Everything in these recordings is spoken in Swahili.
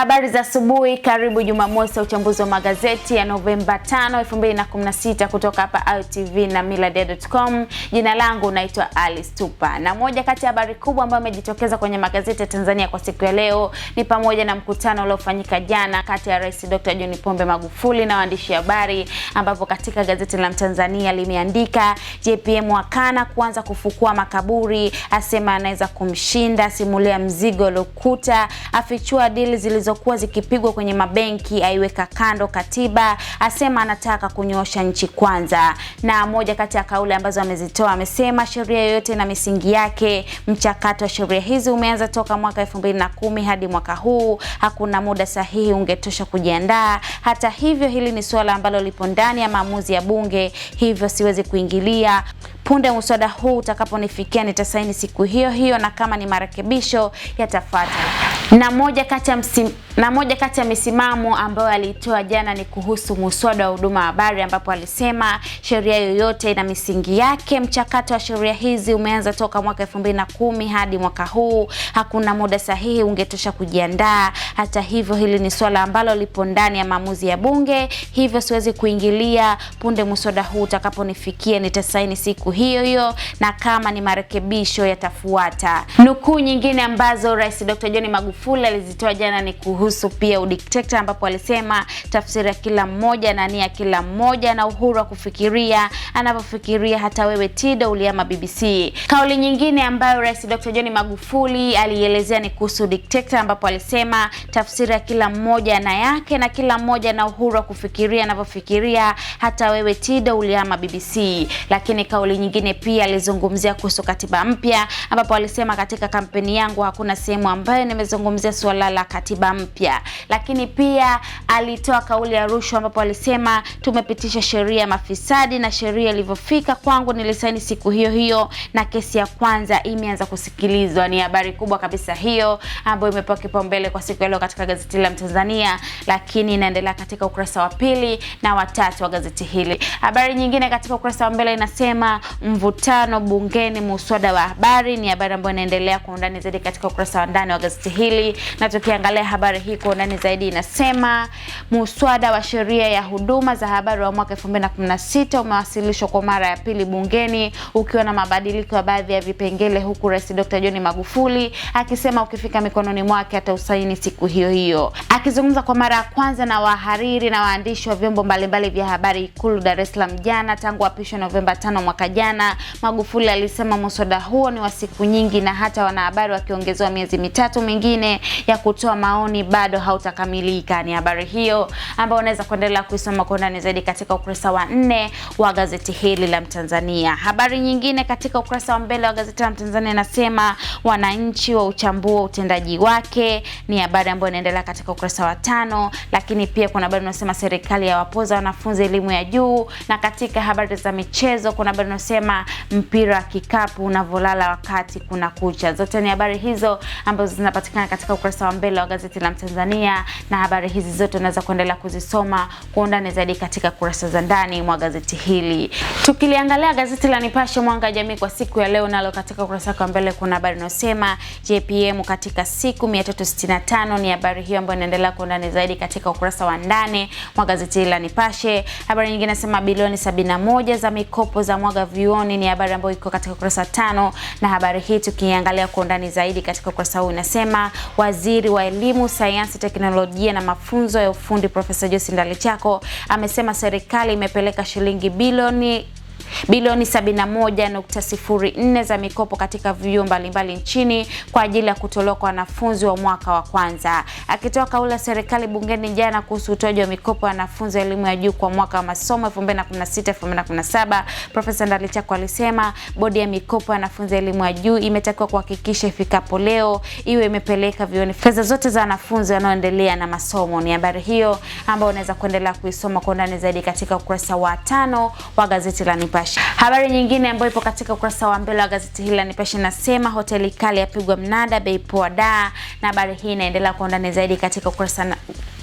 Habari za asubuhi, karibu Jumamosi ya uchambuzi wa magazeti ya Novemba 5, 2016 kutoka hapa Ayo na millardayo.com. Jina langu naitwa Alice Tupa, na moja kati ya habari kubwa ambayo imejitokeza kwenye magazeti ya Tanzania kwa siku ya leo ni pamoja na mkutano uliofanyika jana kati ya Rais Dr. John Pombe Magufuli na waandishi habari, ambapo katika gazeti la Mtanzania limeandika JPM wakana kuanza kufukua makaburi, asema anaweza kumshinda, simulia mzigo lokuta afichua dili zilizo zilizokuwa zikipigwa kwenye mabenki aiweka kando katiba, asema anataka kunyosha nchi kwanza. Na moja kati ya kauli ambazo amezitoa amesema sheria yoyote na misingi yake. Mchakato wa sheria hizi umeanza toka mwaka 2010 hadi mwaka huu, hakuna muda sahihi ungetosha kujiandaa. Hata hivyo, hili ni suala ambalo lipo ndani ya maamuzi ya bunge, hivyo siwezi kuingilia punde muswada huu utakaponifikia nitasaini siku hiyo hiyo, na kama ni marekebisho yatafuata. Na moja kati ya msim, na moja kati ya misimamo ambayo aliitoa jana ni kuhusu muswada wa huduma habari, ambapo alisema sheria yoyote ina misingi yake. Mchakato wa sheria hizi umeanza toka mwaka elfu mbili na kumi hadi mwaka huu. Hakuna muda sahihi ungetosha kujiandaa. Hata hivyo, hili ni swala ambalo lipo ndani ya maamuzi ya Bunge, hivyo siwezi kuingilia. Punde muswada huu utakaponifikia, nitasaini siku hiyo hiyo, na kama ni marekebisho yatafuata. Nukuu nyingine ambazo Rais Dr. John Magufuli Magufuli alizitoa jana ni kuhusu pia udikteta, ambapo alisema tafsiri ya kila mmoja na nia kila mmoja na uhuru wa kufikiria anavyofikiria, hata wewe Tido uliama BBC. Kauli nyingine ambayo Rais Dr. John Magufuli alielezea ni kuhusu udikteta, ambapo alisema tafsiri ya kila mmoja na yake na kila mmoja na uhuru wa kufikiria anavyofikiria, hata wewe Tido uliama BBC. Lakini kauli nyingine pia alizungumzia kuhusu katiba mpya, ambapo alisema katika kampeni yangu hakuna sehemu ambayo nimezungumzia kuzungumzia suala la katiba mpya, lakini pia alitoa kauli ya rushwa, ambapo alisema tumepitisha sheria ya mafisadi, na sheria ilivyofika kwangu nilisaini siku hiyo hiyo, na kesi ya kwanza imeanza kusikilizwa. Ni habari kubwa kabisa hiyo ambayo imepewa kipaumbele kwa siku ya leo katika gazeti la Mtanzania, lakini inaendelea katika ukurasa wa pili na watatu wa gazeti hili. Habari nyingine katika ukurasa wa mbele inasema mvutano bungeni muswada wa habari, ni habari ambayo inaendelea kwa undani zaidi katika ukurasa wa ndani wa gazeti hili mbili, Na tukiangalia habari hii kwa undani zaidi, inasema muswada wa sheria ya huduma za habari wa mwaka 2016 umewasilishwa kwa mara ya pili bungeni ukiwa na mabadiliko ya baadhi ya vipengele, huku Rais Dr. John Magufuli akisema ukifika mikononi mwake atausaini siku hiyo hiyo. Akizungumza kwa mara ya kwanza na wahariri na waandishi wa vyombo mbalimbali vya habari Ikulu Dar es Salaam jana tangu apishwe Novemba 5 mwaka jana, Magufuli alisema muswada huo ni wa siku nyingi na hata wanahabari wakiongezewa miezi mitatu mingine mingine ya kutoa maoni bado hautakamilika. Ni habari hiyo ambayo unaweza kuendelea kuisoma kwa undani zaidi katika ukurasa wa nne wa gazeti hili la Mtanzania. Habari nyingine katika ukurasa wa mbele wa gazeti la Mtanzania inasema wananchi wa uchambua utendaji wake, ni habari ambayo inaendelea katika ukurasa wa tano, lakini pia kuna habari inasema serikali ya wapoza wanafunzi elimu ya juu, na katika habari za michezo kuna habari inasema mpira wa kikapu unavolala wakati kuna kucha. Zote ni habari hizo ambazo zinapatikana katika ukurasa wa mbele wa gazeti la Mtanzania, na habari hizi zote unaweza kuendelea kuzisoma kwa undani zaidi katika kurasa za ndani mwa gazeti hili. Tukiliangalia gazeti la Nipashe Mwanga wa Jamii kwa siku ya leo, nalo katika ukurasa wa mbele kuna habari inayosema JPM katika siku 365. Ni habari hiyo ambayo inaendelea kwa undani zaidi katika ukurasa wa ndani mwa gazeti hili la Nipashe. Habari nyingine inasema bilioni 71 za mikopo za mwaga vioni, ni habari ambayo iko katika ukurasa tano, na habari hii tukiangalia kwa undani zaidi katika ukurasa huu inasema waziri wa elimu, sayansi, teknolojia na mafunzo ya ufundi Profesa josi Ndalichako amesema serikali imepeleka shilingi bilioni bilioni 71.04 za mikopo katika vyuo mbalimbali nchini kwa ajili ya kutolewa kwa wanafunzi wa mwaka wa kwanza. Akitoa kauli ya serikali bungeni jana kuhusu utoaji wa mikopo ya wanafunzi wa elimu ya juu kwa mwaka wa masomo 2016-2017, Profesa Ndalichako alisema bodi ya mikopo ya wanafunzi wa elimu ya juu imetakiwa kuhakikisha ifikapo leo iwe imepeleka vyuoni fedha zote za wanafunzi wanaoendelea na masomo. Ni habari hiyo ambayo unaweza kuendelea kuisoma kwa undani zaidi katika ukurasa wa tano wa gazeti la Nipa. Nipashe. Habari nyingine ambayo ipo katika ukurasa wa mbele wa gazeti hili la Nipashe nasema hoteli kali yapigwa mnada, bei poa daa, na habari hii inaendelea kwa undani zaidi katika ukurasa na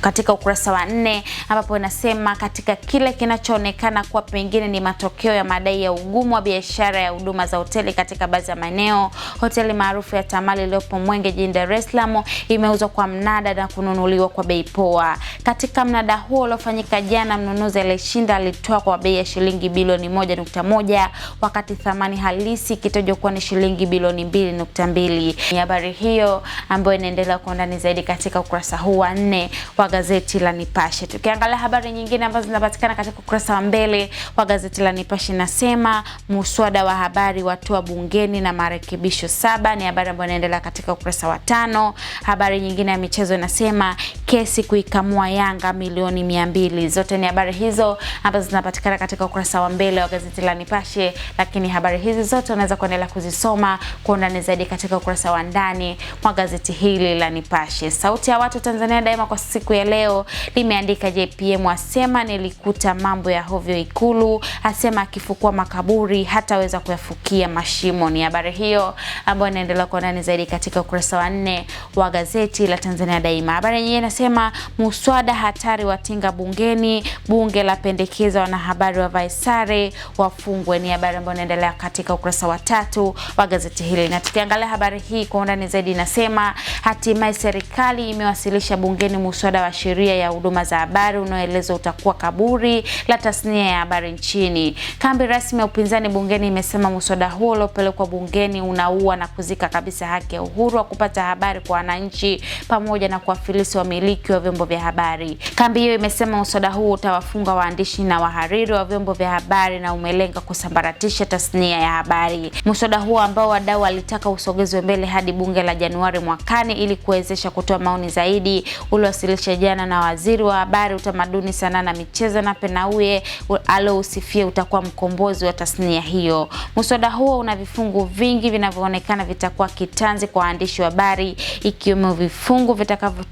katika ukurasa wa nne ambapo inasema katika kile kinachoonekana kuwa pengine ni matokeo ya madai ya ugumu wa biashara ya huduma za hoteli katika baadhi ya maeneo, hoteli maarufu ya Tamali iliyopo Mwenge jijini Dar es Salaam imeuzwa kwa mnada na kununuliwa kwa bei poa. Katika mnada huo uliofanyika jana, mnunuzi aliyeshinda alitoa kwa bei ya shilingi bilioni 1.1 wakati thamani halisi ikitajwa kuwa ni shilingi bilioni 2.2. Ni habari hiyo ambayo inaendelea kwa undani zaidi katika ukurasa huu wa nne wa gazeti la Nipashe. Tukiangalia habari nyingine ambazo zinapatikana katika ukurasa wa mbele wa gazeti la Nipashe, nasema muswada wa habari watoa bungeni na marekebisho saba, ni habari ambayo inaendelea katika ukurasa wa tano. Habari nyingine ya michezo inasema kesi kuikamua Yanga milioni mia mbili. Zote ni habari hizo ambazo zinapatikana katika ukurasa wa mbele wa gazeti la Nipashe, lakini habari hizi zote unaweza kuendelea kuzisoma kwa undani zaidi katika ukurasa wa ndani wa gazeti hili la Nipashe. Sauti ya watu Tanzania Daima kwa siku ya leo limeandika JPM asema nilikuta mambo ya hovyo Ikulu, asema akifukua makaburi hataweza kuyafukia mashimo. Ni habari hiyo ambayo inaendelea kwa undani zaidi katika ukurasa wa nne wa gazeti la Tanzania Daima. Habari yenyewe inasema muswada mswada hatari watinga bungeni, bunge la pendekeza wanahabari wa vaisare wafungwe. Ni habari ambayo inaendelea katika ukurasa wa tatu wa gazeti hili, na tukiangalia habari hii kwa undani zaidi inasema hatimaye serikali imewasilisha bungeni mswada wa sheria ya huduma za habari unaoelezwa utakuwa kaburi la tasnia ya habari nchini. Kambi rasmi ya upinzani bungeni imesema mswada huo uliopelekwa bungeni unaua na kuzika kabisa haki ya uhuru wa kupata habari kwa wananchi pamoja na kuwafilisi wamiliki wa vyombo vya habari habari. Kambi hiyo imesema mswada huu utawafunga waandishi na wahariri wa vyombo vya habari na umelenga kusambaratisha tasnia ya habari. Mswada huo ambao wadau walitaka usogezwe mbele hadi bunge la Januari mwakani ili kuwezesha kutoa maoni zaidi, uliwasilisha jana na waziri wa habari, utamaduni, sanaa na michezo Nape Nnauye alousifia utakuwa mkombozi wa tasnia hiyo. Mswada huo una vifungu vingi vinavyoonekana vitakuwa kitanzi kwa waandishi wa habari ikiwemo vifungu vitakavyo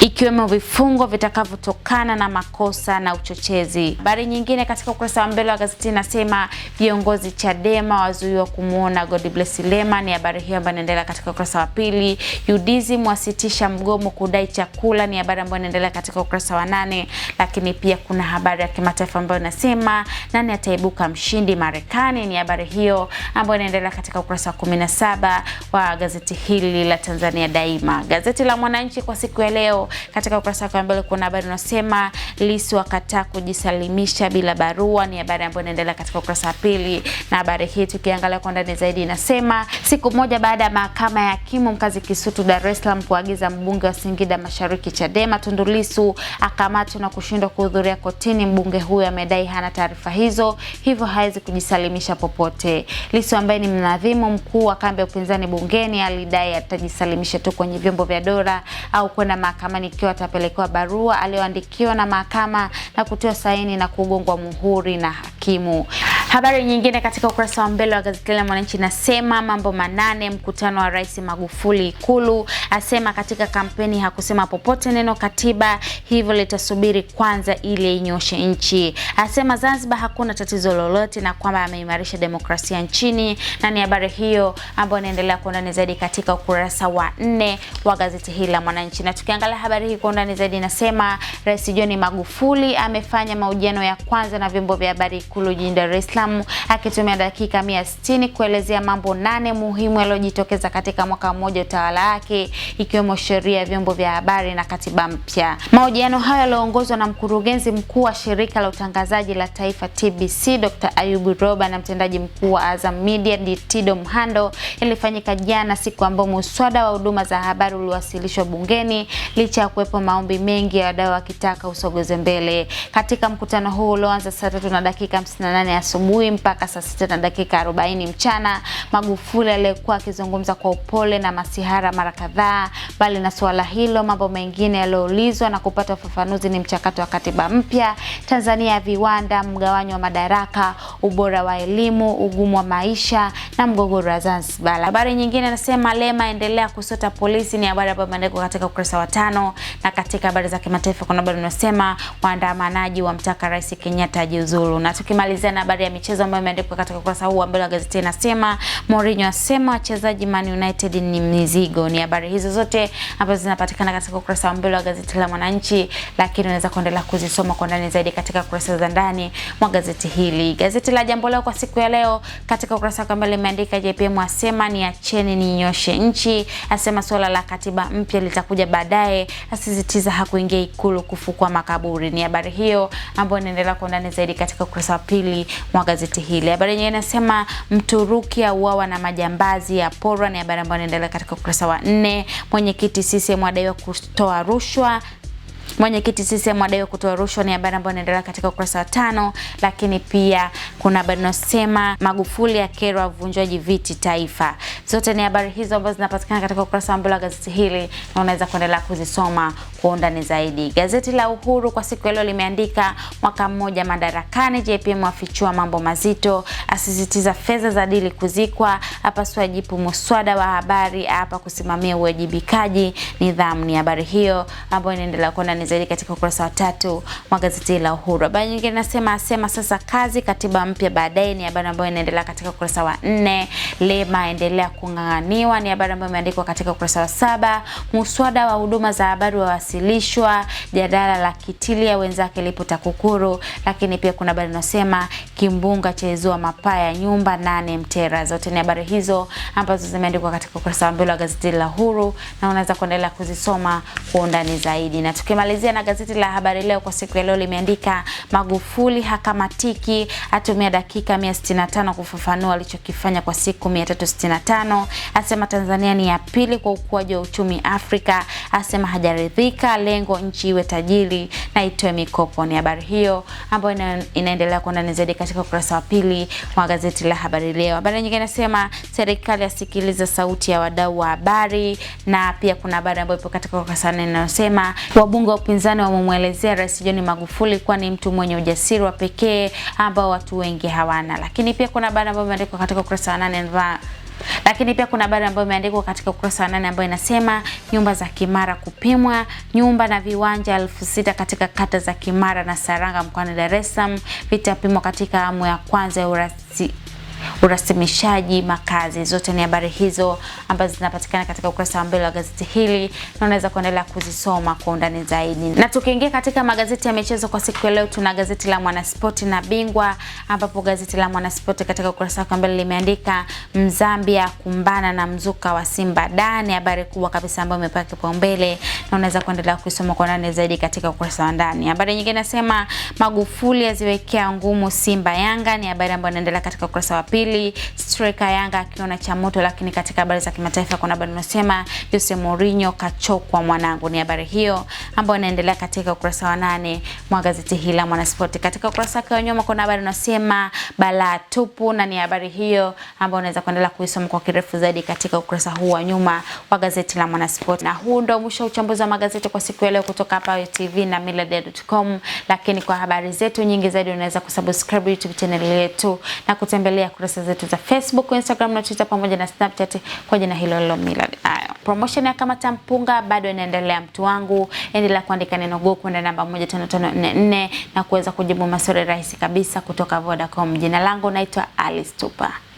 ikiwemo vifungo vitakavyotokana na makosa na uchochezi. Habari nyingine katika ukurasa wa mbele wa gazeti inasema viongozi Chadema wazuiwa kumwona Godbless Lema, ni habari hiyo ambayo inaendelea katika ukurasa wa pili. UDSM wasitisha mgomo kudai chakula, ni habari ambayo inaendelea katika ukurasa wa nane. Lakini pia kuna habari ya kimataifa ambayo inasema nani ataibuka mshindi Marekani, ni habari hiyo ambayo inaendelea katika ukurasa wa 17 wa gazeti hili la Tanzania Daima. Gazeti la Mwananchi kwa siku ya leo katika ukurasa wake wa mbele kuna habari unasema Lissu akataa kujisalimisha bila barua, ni habari ambayo inaendelea katika ukurasa wa pili, na habari hii tukiangalia kwa ndani zaidi inasema siku moja baada ya mahakama ya hakimu mkazi Kisutu Dar es Salaam kuagiza mbunge wa Singida Mashariki Chadema Tundu Lissu akamatwa na kushindwa kuhudhuria kotini, mbunge huyo amedai hana taarifa hizo, hivyo hawezi kujisalimisha popote. Lissu ambaye ni mnadhimu mkuu wa kambi ya upinzani bungeni alidai atajisalimisha tu kwenye vyombo vya dola au kwenda mahakama Manikio atapelekewa barua aliyoandikiwa na mahakama na kutiwa saini na kugongwa muhuri na hakimu. Habari nyingine katika ukurasa wa mbele wa gazeti la Mwananchi nasema mambo manane mkutano wa Rais Magufuli Ikulu, asema katika kampeni hakusema popote neno katiba, hivyo litasubiri kwanza ili inyoshe nchi. Asema Zanzibar hakuna tatizo lolote na kwamba ameimarisha demokrasia nchini, na ni habari hiyo ambayo inaendelea kwa undani zaidi katika ukurasa wa nne wa gazeti hili la Mwananchi. Na tukiangalia habari hii kwa undani zaidi, nasema Rais John Magufuli amefanya mahojiano ya kwanza na vyombo vya habari Ikulu jijini Dar es Salaam Tabasamu akitumia dakika 160 kuelezea mambo nane muhimu yaliyojitokeza katika mwaka mmoja utawala wake, ikiwemo sheria ya vyombo vya habari na katiba mpya. Mahojiano hayo yaliyoongozwa na mkurugenzi mkuu wa shirika la utangazaji la taifa TBC Dr. Ayubu Roba na mtendaji mkuu wa Azam Media Dietido Mhando yalifanyika jana, siku ambayo muswada wa huduma za habari uliwasilishwa bungeni licha ya kuwepo maombi mengi ya wadau wakitaka usogeze mbele. Katika mkutano huu ulioanza saa tatu na dakika 58 asubuhi asubuhi mpaka saa sita na dakika arobaini mchana. Magufuli aliyekuwa akizungumza kwa upole na masihara mara kadhaa. Mbali na suala hilo, mambo mengine yaliyoulizwa na kupata ufafanuzi ni mchakato wa katiba mpya, Tanzania ya viwanda, mgawanyo wa madaraka, ubora wa elimu, ugumu wa maisha na mgogoro wa Zanzibar. Habari nyingine anasema Lema endelea kusota polisi, ni habari ambayo imeandikwa katika ukurasa wa tano. Na katika habari za kimataifa kuna habari inasema waandamanaji wamtaka Rais Kenyatta ajiuzulu, na tukimalizia na habari ya michezo ambayo imeandikwa katika ukurasa huu wa mbele wa gazeti inasema Mourinho asema wachezaji Man United ni mizigo. Ni habari hizo zote ambazo zinapatikana katika ukurasa wa mbele wa gazeti la Mwananchi, lakini unaweza kuendelea kuzisoma kwa ndani zaidi katika kurasa za ndani mwa gazeti hili. Gazeti la Jambo Leo kwa siku ya leo katika ukurasa wa mbele imeandika JPM asema ni acheni ni nyoshe nchi, asema swala la katiba mpya litakuja baadaye, asisitiza hakuingia ikulu kufukua makaburi. Ni habari hiyo ambayo inaendelea kwa ndani zaidi katika ukurasa wa pili mwa gazeti hili. Habari yenyewe inasema Mturuki auawa na majambazi ya porwa, ni habari ambayo inaendelea katika ukurasa wa nne. Mwenyekiti CCM adaiwa kutoa rushwa Mwenyekiti CCM adaiwa kutoa rushwa, ni habari ambayo inaendelea katika ukurasa wa tano. Lakini pia kuna habari inasema Magufuli ya akerwa vunjwaji viti taifa. Zote ni habari hizo ambazo zinapatikana katika ukurasa wa mbele wa gazeti hili, na unaweza kuendelea kuzisoma kwa undani zaidi. Gazeti la Uhuru kwa siku ya leo limeandika mwaka mmoja madarakani, JPM afichua mambo mazito, asisitiza fedha za dili kuzikwa, apasua jipu muswada wa habari, hapa kusimamia uwajibikaji nidhamu. Ni habari hiyo ambayo inaendelea kwa undani undani zaidi katika ukurasa wa tatu wa gazeti la Uhuru. Habari nyingine nasema asema sasa kazi katiba mpya baadaye, ni habari ambayo inaendelea katika ukurasa wa nne. Lema endelea kung'ang'aniwa, ni habari ambayo imeandikwa katika ukurasa wa saba. Muswada wa huduma za habari wawasilishwa, jadala la kitilia wenzake lipo TAKUKURU, lakini pia kuna habari inasema kimbunga chaizua mapaa ya nyumba nane Mtera. Zote ni habari hizo ambazo zimeandikwa katika ukurasa wa mbele wa gazeti la Uhuru na unaweza kuendelea kuzisoma kwa undani zaidi. Na tukimalizia na gazeti la Habari Leo kwa siku ya leo limeandika Magufuli hakamatiki, atumia dakika 165 kufafanua alichokifanya kwa siku 365, asema Tanzania ni ya pili kwa ukuaji wa uchumi Afrika, asema hajaridhika, lengo nchi iwe tajiri na itoe mikopo. Ni habari hiyo ambayo ina, inaendelea kwa undani zaidi katika katika ukurasa wa pili wa gazeti la Habari Leo. Habari nyingine inasema serikali asikiliza sauti ya wadau wa habari, na pia kuna habari ambayo ipo katika ukurasa nne inayosema wabunge wa upinzani wamemwelezea Rais John Magufuli kuwa ni mtu mwenye ujasiri wa pekee ambao watu wengi hawana. Lakini pia kuna habari ambayo imeandikwa katika ukurasa wa nane lakini pia kuna habari ambayo imeandikwa katika ukurasa wa nane ambayo inasema nyumba za Kimara kupimwa, nyumba na viwanja elfu sita katika kata za Kimara na Saranga mkoani Dar es Salaam vitapimwa katika awamu ya kwanza ya urasi urasimishaji makazi. Zote ni habari hizo ambazo zinapatikana katika ukurasa wa mbele wa gazeti hili na unaweza kuendelea kuzisoma kwa undani zaidi. Na tukiingia katika magazeti ya michezo kwa siku ya leo, tuna gazeti la Mwanaspoti na Bingwa, ambapo gazeti la Mwanaspoti katika ukurasa wa mbele limeandika Mzambia kumbana na mzuka wa Simba dani, habari kubwa kabisa ambayo imepewa kipaumbele na unaweza kuendelea kusoma kwa undani zaidi katika ukurasa wa ndani. Habari nyingine nasema Magufuli aziwekea ngumu Simba Yanga, ni habari ambayo inaendelea katika ukurasa wa pili striker Yanga akiona cha moto. Lakini katika habari za kimataifa kuna habari inasema Jose Mourinho kachokwa mwanangu. Ni habari hiyo ambayo inaendelea katika ukurasa wa nane mwa gazeti hili la Mwanaspoti. Katika ukurasa wake wa nyuma kuna habari inasema balaa tupu, na ni habari hiyo ambayo unaweza kuendelea kuisoma kwa kirefu zaidi katika ukurasa huu wa nyuma wa gazeti la Mwanaspoti. Na huu ndio mwisho wa uchambuzi wa magazeti kwa siku ya leo kutoka hapa UTV na millardayo.com, lakini kwa habari zetu nyingi zaidi unaweza kusubscribe YouTube channel yetu na kutembelea kurasa zetu za Facebook, Instagram na Twitter pamoja na Snapchat kwa jina hilo hilo Millard Ayo. Promotion ya Kamata Mpunga bado inaendelea, mtu wangu, endelea kuandika neno go kwenda namba 15544 na kuweza kujibu maswali rahisi kabisa kutoka Vodacom. Jina langu naitwa Alice Tupa.